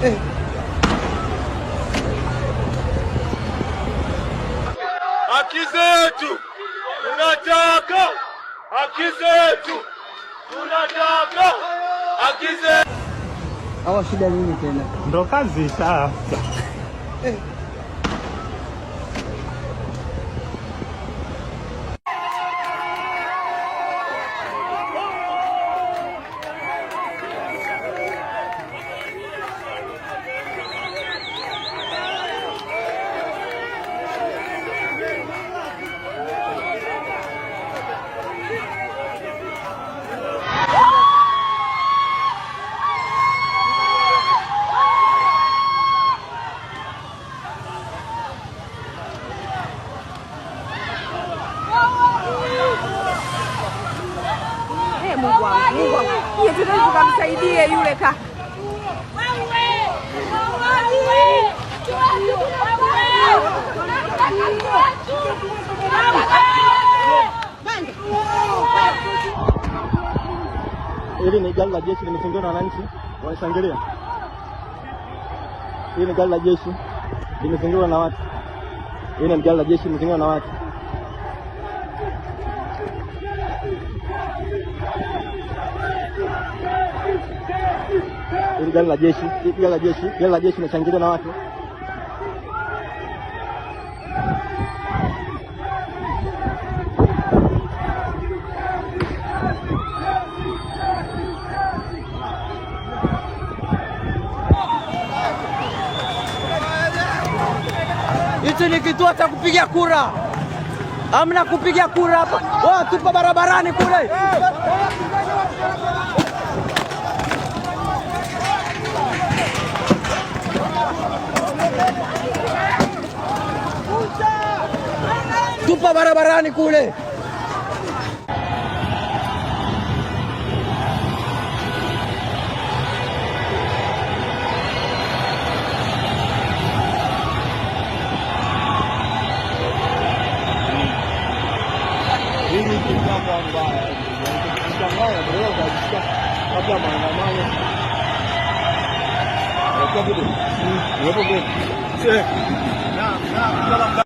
Eh. Haki zetu tunataka, haki zetu tunataka, haki zetu. Hawa shida nini tena? Ndo kazi sasa. Eh. Mungu wangu, Mungu wangu, tukamsaidie yule Hili ni gari la jeshi limefungiwa na wananchi wanashangilia. Hili ni gari la jeshi limefungiwa na watu. Hili ni gari la jeshi limefungiwa na watu. ili gari la jeshi, gari la jeshi, gari la jeshi linashangiliwa na watu. ni kituo cha kupiga kura, amna kupiga kura hapa. tupo barabarani kule ತುಪ್ಪ ಬರ ಬರ ನಿಕೂಳೆ Yapabilir. Yapabilir. Şey. Ya, ya,